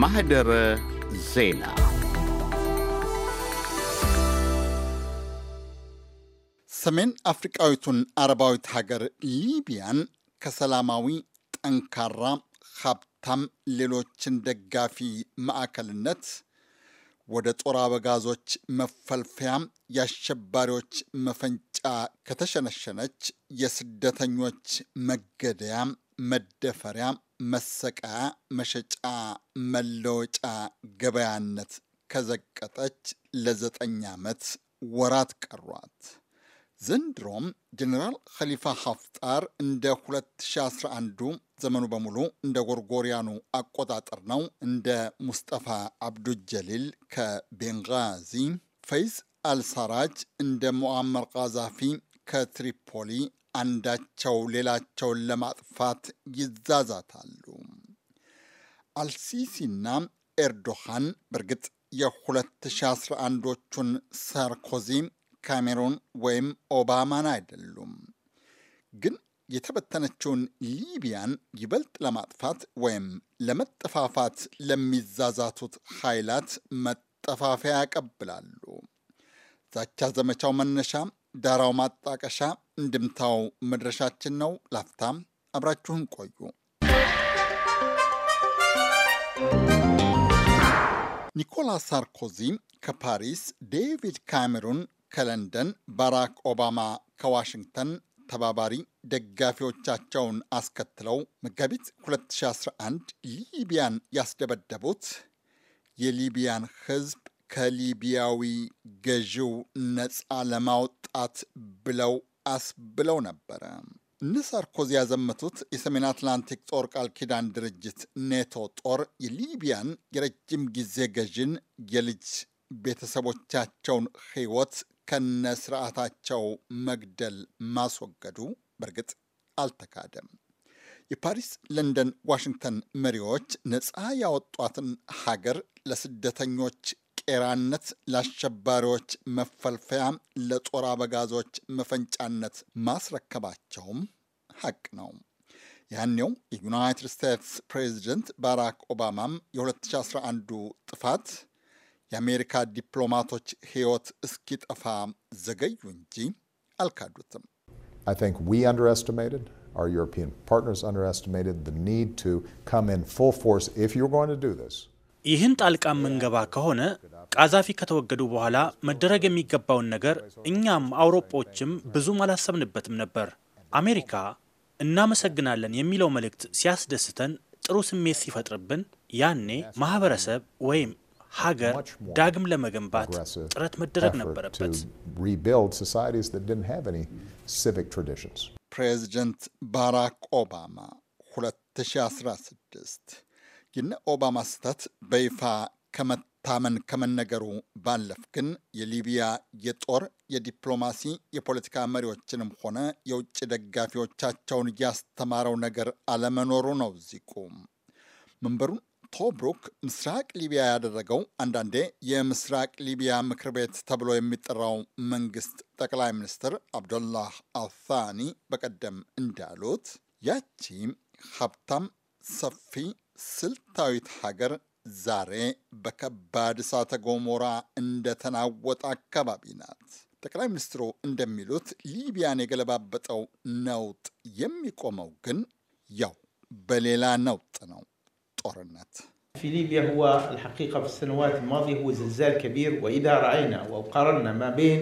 ማህደረ ዜና ሰሜን አፍሪቃዊቱን አረባዊት ሀገር ሊቢያን ከሰላማዊ ጠንካራ፣ ሀብታም፣ ሌሎችን ደጋፊ ማዕከልነት ወደ ጦር አበጋዞች መፈልፈያ፣ የአሸባሪዎች መፈንጫ ከተሸነሸነች የስደተኞች መገደያ መደፈሪያ፣ መሰቀያ፣ መሸጫ፣ መለወጫ ገበያነት ከዘቀጠች ለዘጠኝ ዓመት ወራት ቀሯት። ዘንድሮም ጀኔራል ኸሊፋ ሀፍጣር እንደ 2011ዱ ዘመኑ በሙሉ እንደ ጎርጎሪያኑ አቆጣጠር ነው። እንደ ሙስጠፋ አብዱጀሊል ከቤንጋዚ፣ ፈይዝ አልሳራጅ እንደ ሞአመር ቃዛፊ ከትሪፖሊ አንዳቸው ሌላቸውን ለማጥፋት ይዛዛታሉ። አልሲሲና ኤርዶሃን በእርግጥ የ2011ዎቹን ሳርኮዚ፣ ካሜሩን ወይም ኦባማን አይደሉም። ግን የተበተነችውን ሊቢያን ይበልጥ ለማጥፋት ወይም ለመጠፋፋት ለሚዛዛቱት ኃይላት መጠፋፊያ ያቀብላሉ። ዛቻ ዘመቻው መነሻ፣ ዳራው ማጣቀሻ፣ እንድምታው መድረሻችን ነው። ላፍታም አብራችሁን ቆዩ። ኒኮላስ ሳርኮዚ ከፓሪስ፣ ዴቪድ ካሜሩን ከለንደን፣ ባራክ ኦባማ ከዋሽንግተን ተባባሪ ደጋፊዎቻቸውን አስከትለው መጋቢት 2011 ሊቢያን ያስደበደቡት የሊቢያን ሕዝብ ከሊቢያዊ ገዢው ነፃ ለማውጣት ብለው አስብለው ነበረ። እነ ሳርኮዚ ያዘመቱት የሰሜን አትላንቲክ ጦር ቃል ኪዳን ድርጅት ኔቶ ጦር የሊቢያን የረጅም ጊዜ ገዥን የልጅ ቤተሰቦቻቸውን ሕይወት ከነ ስርዓታቸው መግደል ማስወገዱ በእርግጥ አልተካደም። የፓሪስ፣ ለንደን፣ ዋሽንግተን መሪዎች ነፃ ያወጧትን ሀገር ለስደተኞች ጤራነት ለአሸባሪዎች መፈልፈያ፣ ለጦር አበጋዞች መፈንጫነት ማስረከባቸውም ሀቅ ነው። ያኔው የዩናይትድ ስቴትስ ፕሬዚደንት ባራክ ኦባማም የ2011 ጥፋት የአሜሪካ ዲፕሎማቶች ሕይወት እስኪጠፋ ዘገዩ እንጂ አልካዱትም። ይህን ጣልቃ መንገባ ከሆነ ቃዛፊ ከተወገዱ በኋላ መደረግ የሚገባውን ነገር እኛም አውሮፓዎችም ብዙም አላሰብንበትም ነበር። አሜሪካ እናመሰግናለን የሚለው መልእክት ሲያስደስተን፣ ጥሩ ስሜት ሲፈጥርብን፣ ያኔ ማህበረሰብ ወይም ሀገር ዳግም ለመገንባት ጥረት መደረግ ነበረበት። ፕሬዚደንት ባራክ ኦባማ 2016 የነ ኦባማ ስህተት በይፋ ከመ መታመን ከመነገሩ ባለፍ ግን የሊቢያ የጦር የዲፕሎማሲ የፖለቲካ መሪዎችንም ሆነ የውጭ ደጋፊዎቻቸውን እያስተማረው ነገር አለመኖሩ ነው ዚቁ። መንበሩን ቶብሩክ ምስራቅ ሊቢያ ያደረገው አንዳንዴ የምስራቅ ሊቢያ ምክር ቤት ተብሎ የሚጠራው መንግስት ጠቅላይ ሚኒስትር አብዶላህ አልታኒ በቀደም እንዳሉት ያቺ ሀብታም ሰፊ ስልታዊት ሀገር ዛሬ በከባድ እሳተ ገሞራ እንደተናወጠ አካባቢ ናት። ጠቅላይ ሚኒስትሩ እንደሚሉት ሊቢያን የገለባበጠው ነውጥ የሚቆመው ግን ያው በሌላ ነውጥ ነው፣ ጦርነት في ليبيا هو الحقيقة في السنوات الماضية هو زلزال كبير وإذا رأينا وقارنا ما بين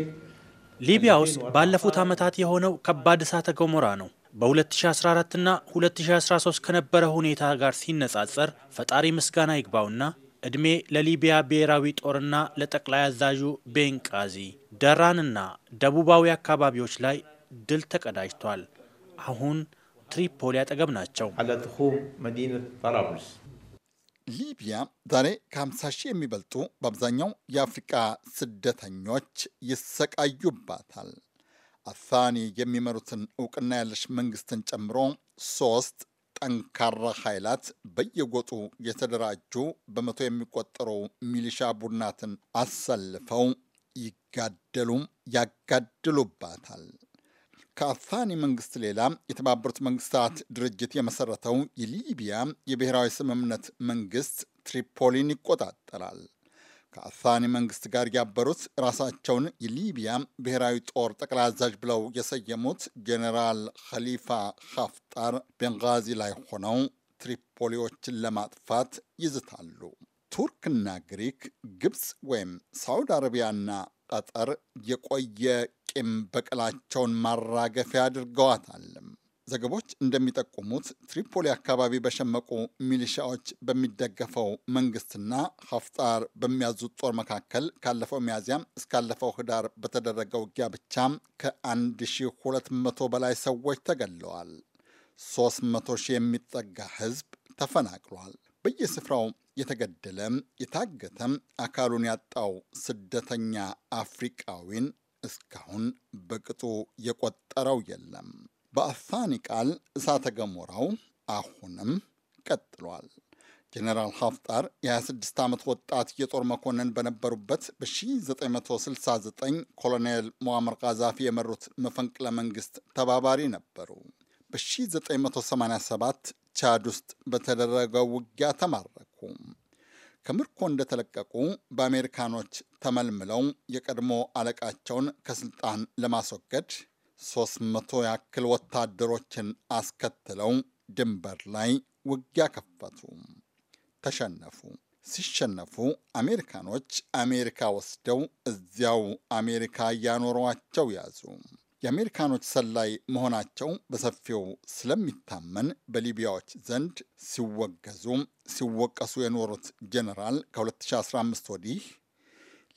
ሊቢያ ውስጥ ባለፉት ዓመታት የሆነው ከባድ እሳተ ገሞራ ነው። በ2014 እና 2013 ከነበረ ሁኔታ ጋር ሲነጻጸር ፈጣሪ ምስጋና ይግባውና ዕድሜ ለሊቢያ ብሔራዊ ጦርና ለጠቅላይ አዛዡ ቤንቃዚ ደራንና ደቡባዊ አካባቢዎች ላይ ድል ተቀዳጅቷል። አሁን ትሪፖሊ አጠገብ ናቸው። ሊቢያ ዛሬ ከ50 ሺህ የሚበልጡ በአብዛኛው የአፍሪቃ ስደተኞች ይሰቃዩባታል። አፋኒ የሚመሩትን እውቅና ያለሽ መንግስትን ጨምሮ ሶስት ጠንካራ ኃይላት በየጎጡ የተደራጁ በመቶ የሚቆጠሩ ሚሊሻ ቡድናትን አሰልፈው ይጋደሉም ያጋድሉባታል። ከአፋኒ መንግስት ሌላ የተባበሩት መንግስታት ድርጅት የመሰረተው የሊቢያ የብሔራዊ ስምምነት መንግስት ትሪፖሊን ይቆጣጠራል። ከአሳኒ መንግስት ጋር ያበሩት ራሳቸውን የሊቢያ ብሔራዊ ጦር ጠቅላይ አዛዥ ብለው የሰየሙት ጄኔራል ኸሊፋ ሀፍጣር ቤንጋዚ ላይ ሆነው ትሪፖሊዎችን ለማጥፋት ይዝታሉ። ቱርክና ግሪክ፣ ግብፅ ወይም ሳውዲ አረቢያና ቀጠር የቆየ ቂም በቀላቸውን ማራገፊያ አድርገዋታል። ዘገቦች እንደሚጠቁሙት ትሪፖሊ አካባቢ በሸመቁ ሚሊሻዎች በሚደገፈው መንግስትና ሀፍጣር በሚያዙት ጦር መካከል ካለፈው ሚያዚያም እስካለፈው ህዳር በተደረገው ውጊያ ብቻም ከ1200 በላይ ሰዎች ተገድለዋል። 300 ሺህ የሚጠጋ ህዝብ ተፈናቅሏል። በየስፍራው የተገደለም የታገተም አካሉን ያጣው ስደተኛ አፍሪቃዊን እስካሁን በቅጡ የቆጠረው የለም። በአፋኒ ቃል እሳተ ገሞራው አሁንም ቀጥሏል። ጀኔራል ሀፍጣር የ26 ዓመት ወጣት የጦር መኮንን በነበሩበት በ1969 ኮሎኔል ሞአመር ቃዛፊ የመሩት መፈንቅለ መንግስት ተባባሪ ነበሩ። በ1987 ቻድ ውስጥ በተደረገው ውጊያ ተማረኩ። ከምርኮ እንደተለቀቁ በአሜሪካኖች ተመልምለው የቀድሞ አለቃቸውን ከስልጣን ለማስወገድ 300 ያክል ወታደሮችን አስከትለው ድንበር ላይ ውጊያ ከፈቱ። ተሸነፉ። ሲሸነፉ አሜሪካኖች አሜሪካ ወስደው እዚያው አሜሪካ እያኖሯቸው ያዙ። የአሜሪካኖች ሰላይ መሆናቸው በሰፊው ስለሚታመን በሊቢያዎች ዘንድ ሲወገዙ ሲወቀሱ የኖሩት ጄኔራል ከ2015 ወዲህ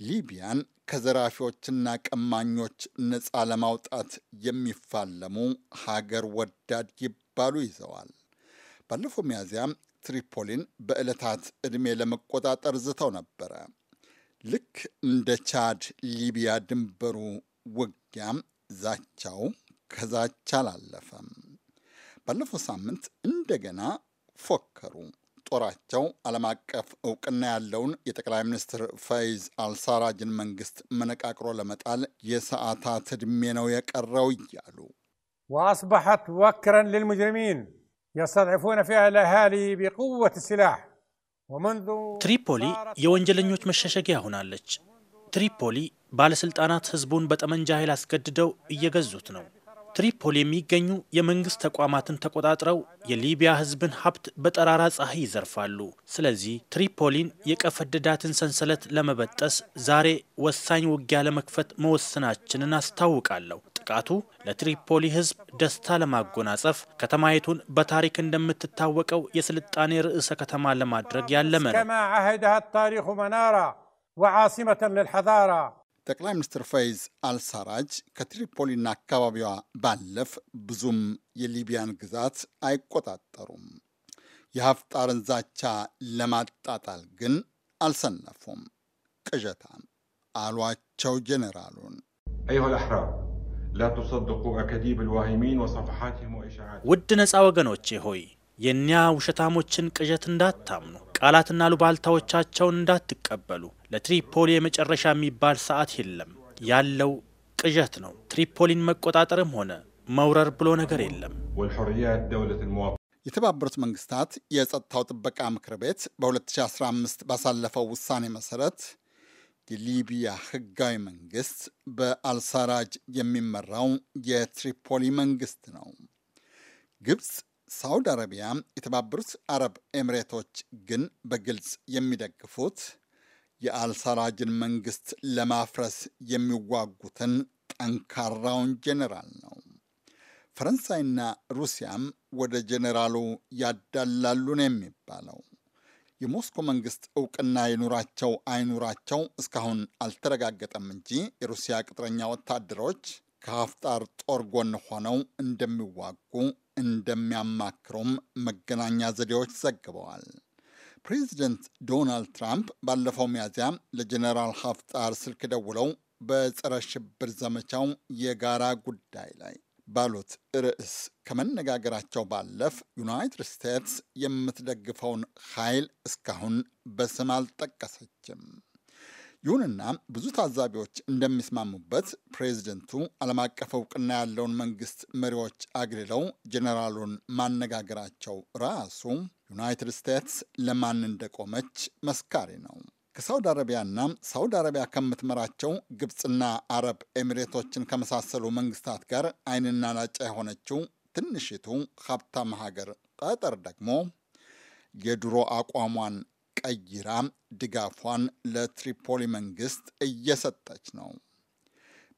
ሊቢያን ከዘራፊዎችና ቀማኞች ነፃ ለማውጣት የሚፋለሙ ሀገር ወዳድ ይባሉ ይዘዋል። ባለፈው ሚያዝያ ትሪፖሊን በዕለታት ዕድሜ ለመቆጣጠር ዝተው ነበረ። ልክ እንደ ቻድ ሊቢያ ድንበሩ ውጊያም ዛቻው ከዛቻ አላለፈም። ባለፈው ሳምንት እንደገና ፎከሩ። ጦራቸው ዓለም አቀፍ እውቅና ያለውን የጠቅላይ ሚኒስትር ፈይዝ አልሳራጅን መንግስት መነቃቅሮ ለመጣል የሰዓታት ዕድሜ ነው የቀረው እያሉ ወአስበሐት ወክረን ልልሙጅሪሚን የስተድዕፉነ ፊሃ ልአህሊ ቢቁወት ሲላሕ ትሪፖሊ የወንጀለኞች መሸሸጊያ ሆናለች። ትሪፖሊ ባለሥልጣናት ሕዝቡን በጠመንጃ ኃይል አስገድደው እየገዙት ነው። ትሪፖሊ የሚገኙ የመንግስት ተቋማትን ተቆጣጥረው የሊቢያ ህዝብን ሀብት በጠራራ ፀሐይ ይዘርፋሉ። ስለዚህ ትሪፖሊን የቀፈደዳትን ሰንሰለት ለመበጠስ ዛሬ ወሳኝ ውጊያ ለመክፈት መወሰናችንን አስታውቃለሁ። ጥቃቱ ለትሪፖሊ ህዝብ ደስታ ለማጎናጸፍ ከተማይቱን በታሪክ እንደምትታወቀው የስልጣኔ ርዕሰ ከተማ ለማድረግ ያለመ ነው። ጠቅላይ ሚኒስትር ፈይዝ አልሳራጅ ከትሪፖሊና አካባቢዋ ባለፍ ብዙም የሊቢያን ግዛት አይቆጣጠሩም። የሀፍጣርን ዛቻ ለማጣጣል ግን አልሰነፉም። ቅዠታም አሏቸው ጄኔራሉን። ውድ ነፃ ወገኖቼ ሆይ የእኒያ ውሸታሞችን ቅዠት እንዳታምኑ። ቃላትና ሉባልታዎቻቸውን እንዳትቀበሉ። ለትሪፖሊ የመጨረሻ የሚባል ሰዓት የለም፣ ያለው ቅዠት ነው። ትሪፖሊን መቆጣጠርም ሆነ መውረር ብሎ ነገር የለም። የተባበሩት መንግስታት የጸጥታው ጥበቃ ምክር ቤት በ2015 ባሳለፈው ውሳኔ መሰረት የሊቢያ ህጋዊ መንግስት በአልሳራጅ የሚመራው የትሪፖሊ መንግስት ነው። ግብፅ ሳውዲ አረቢያ፣ የተባበሩት አረብ ኤምሬቶች ግን በግልጽ የሚደግፉት የአልሳራጅን መንግስት ለማፍረስ የሚዋጉትን ጠንካራውን ጄኔራል ነው። ፈረንሳይና ሩሲያም ወደ ጄኔራሉ ያዳላሉ ነው የሚባለው። የሞስኮ መንግስት እውቅና ይኑራቸው አይኑራቸው እስካሁን አልተረጋገጠም እንጂ የሩሲያ ቅጥረኛ ወታደሮች ከሀፍጣር ጦር ጎን ሆነው እንደሚዋጉ እንደሚያማክሩም መገናኛ ዘዴዎች ዘግበዋል። ፕሬዚደንት ዶናልድ ትራምፕ ባለፈው ሚያዝያ ለጀኔራል ሀፍጣር ስልክ ደውለው በጸረ ሽብር ዘመቻው የጋራ ጉዳይ ላይ ባሉት ርዕስ ከመነጋገራቸው ባለፍ ዩናይትድ ስቴትስ የምትደግፈውን ኃይል እስካሁን በስም አልጠቀሰችም። ይሁንና ብዙ ታዛቢዎች እንደሚስማሙበት ፕሬዚደንቱ ዓለም አቀፍ እውቅና ያለውን መንግስት መሪዎች አግልለው ጀኔራሉን ማነጋገራቸው ራሱ ዩናይትድ ስቴትስ ለማን እንደቆመች መስካሪ ነው። ከሳውዲ አረቢያና ሳውዲ አረቢያ ከምትመራቸው ግብፅና አረብ ኤሚሬቶችን ከመሳሰሉ መንግስታት ጋር አይንና ናጫ የሆነችው ትንሽቱ ሀብታም ሀገር ቀጠር ደግሞ የድሮ አቋሟን ቀይራ ድጋፏን ለትሪፖሊ መንግስት እየሰጠች ነው።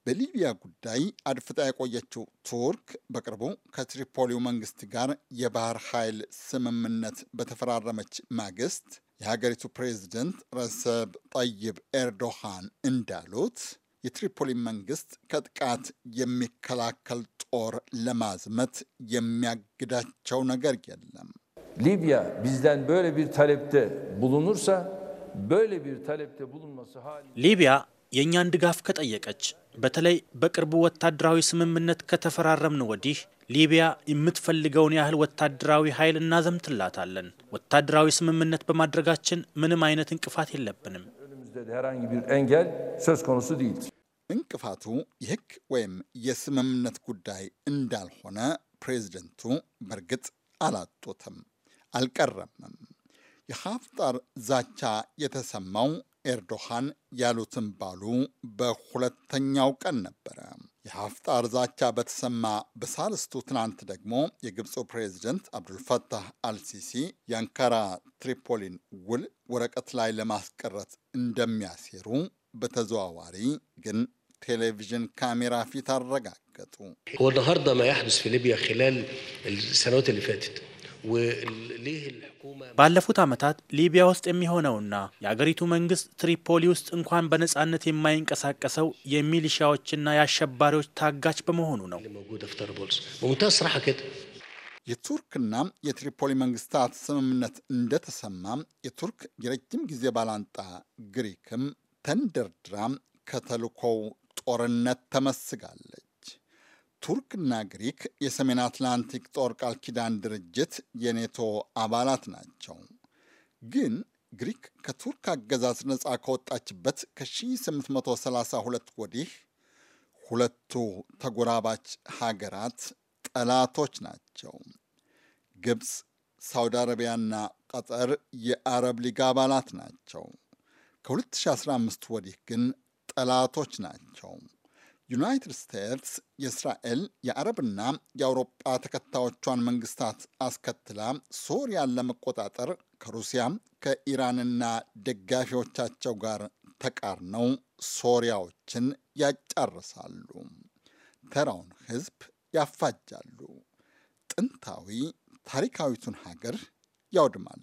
በሊቢያ ጉዳይ አድፍጣ የቆየችው ቱርክ በቅርቡ ከትሪፖሊው መንግስት ጋር የባህር ኃይል ስምምነት በተፈራረመች ማግስት የሀገሪቱ ፕሬዝደንት ረሰብ ጠይብ ኤርዶሃን እንዳሉት የትሪፖሊ መንግስት ከጥቃት የሚከላከል ጦር ለማዝመት የሚያግዳቸው ነገር የለም። Libya bizden böyle bir talepte bulunursa böyle bir talepte bulunması halinde ሊቢያ የእኛን ድጋፍ ከጠየቀች በተለይ በቅርቡ ወታደራዊ ስምምነት ከተፈራረምን ወዲህ ሊቢያ የምትፈልገውን ያህል ወታደራዊ ኃይል እናዘምትላታለን። ወታደራዊ ስምምነት በማድረጋችን ምንም አይነት እንቅፋት የለብንም። እንቅፋቱ የሕግ ወይም የስምምነት ጉዳይ እንዳልሆነ ፕሬዚደንቱ በእርግጥ አላጡትም። አልቀረምም። የሀፍጣር ዛቻ የተሰማው ኤርዶሃን ያሉትን ባሉ በሁለተኛው ቀን ነበረ። የሀፍጣር ዛቻ በተሰማ በሳልስቱ ትናንት ደግሞ የግብፁ ፕሬዚደንት አብዱልፈታህ አልሲሲ የአንካራ ትሪፖሊን ውል ወረቀት ላይ ለማስቀረት እንደሚያሴሩ በተዘዋዋሪ ግን ቴሌቪዥን ካሜራ ፊት አረጋገጡ። ባለፉት ዓመታት ሊቢያ ውስጥ የሚሆነውና የአገሪቱ መንግስት ትሪፖሊ ውስጥ እንኳን በነጻነት የማይንቀሳቀሰው የሚሊሻዎችና የአሸባሪዎች ታጋች በመሆኑ ነው። የቱርክና የትሪፖሊ መንግስታት ስምምነት እንደተሰማ የቱርክ የረጅም ጊዜ ባላንጣ ግሪክም ተንደርድራ ከተልኮው ጦርነት ተመስጋለች። ቱርክና ግሪክ የሰሜን አትላንቲክ ጦር ቃል ኪዳን ድርጅት የኔቶ አባላት ናቸው። ግን ግሪክ ከቱርክ አገዛዝ ነፃ ከወጣችበት ከ1832 ወዲህ ሁለቱ ተጎራባች ሀገራት ጠላቶች ናቸው። ግብፅ፣ ሳውዲ አረቢያና ቀጠር የአረብ ሊግ አባላት ናቸው። ከ2015 ወዲህ ግን ጠላቶች ናቸው። ዩናይትድ ስቴትስ የእስራኤል የአረብና የአውሮጳ ተከታዮቿን መንግስታት አስከትላ ሶሪያን ለመቆጣጠር ከሩሲያ ከኢራንና ደጋፊዎቻቸው ጋር ተቃርነው ሶሪያዎችን ያጫርሳሉ፣ ተራውን ህዝብ ያፋጃሉ፣ ጥንታዊ ታሪካዊቱን ሀገር ያውድማሉ።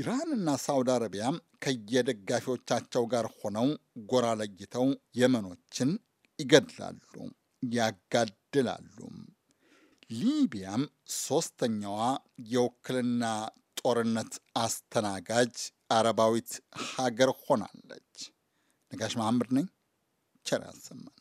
ኢራንና ሳውዲ አረቢያ ከየደጋፊዎቻቸው ጋር ሆነው ጎራ ለይተው የመኖችን ይገድላሉ፣ ያጋድላሉ። ሊቢያም ሶስተኛዋ የውክልና ጦርነት አስተናጋጅ አረባዊት ሀገር ሆናለች። ነጋሽ መሐመድ ነኝ። ቸር ያሰማን።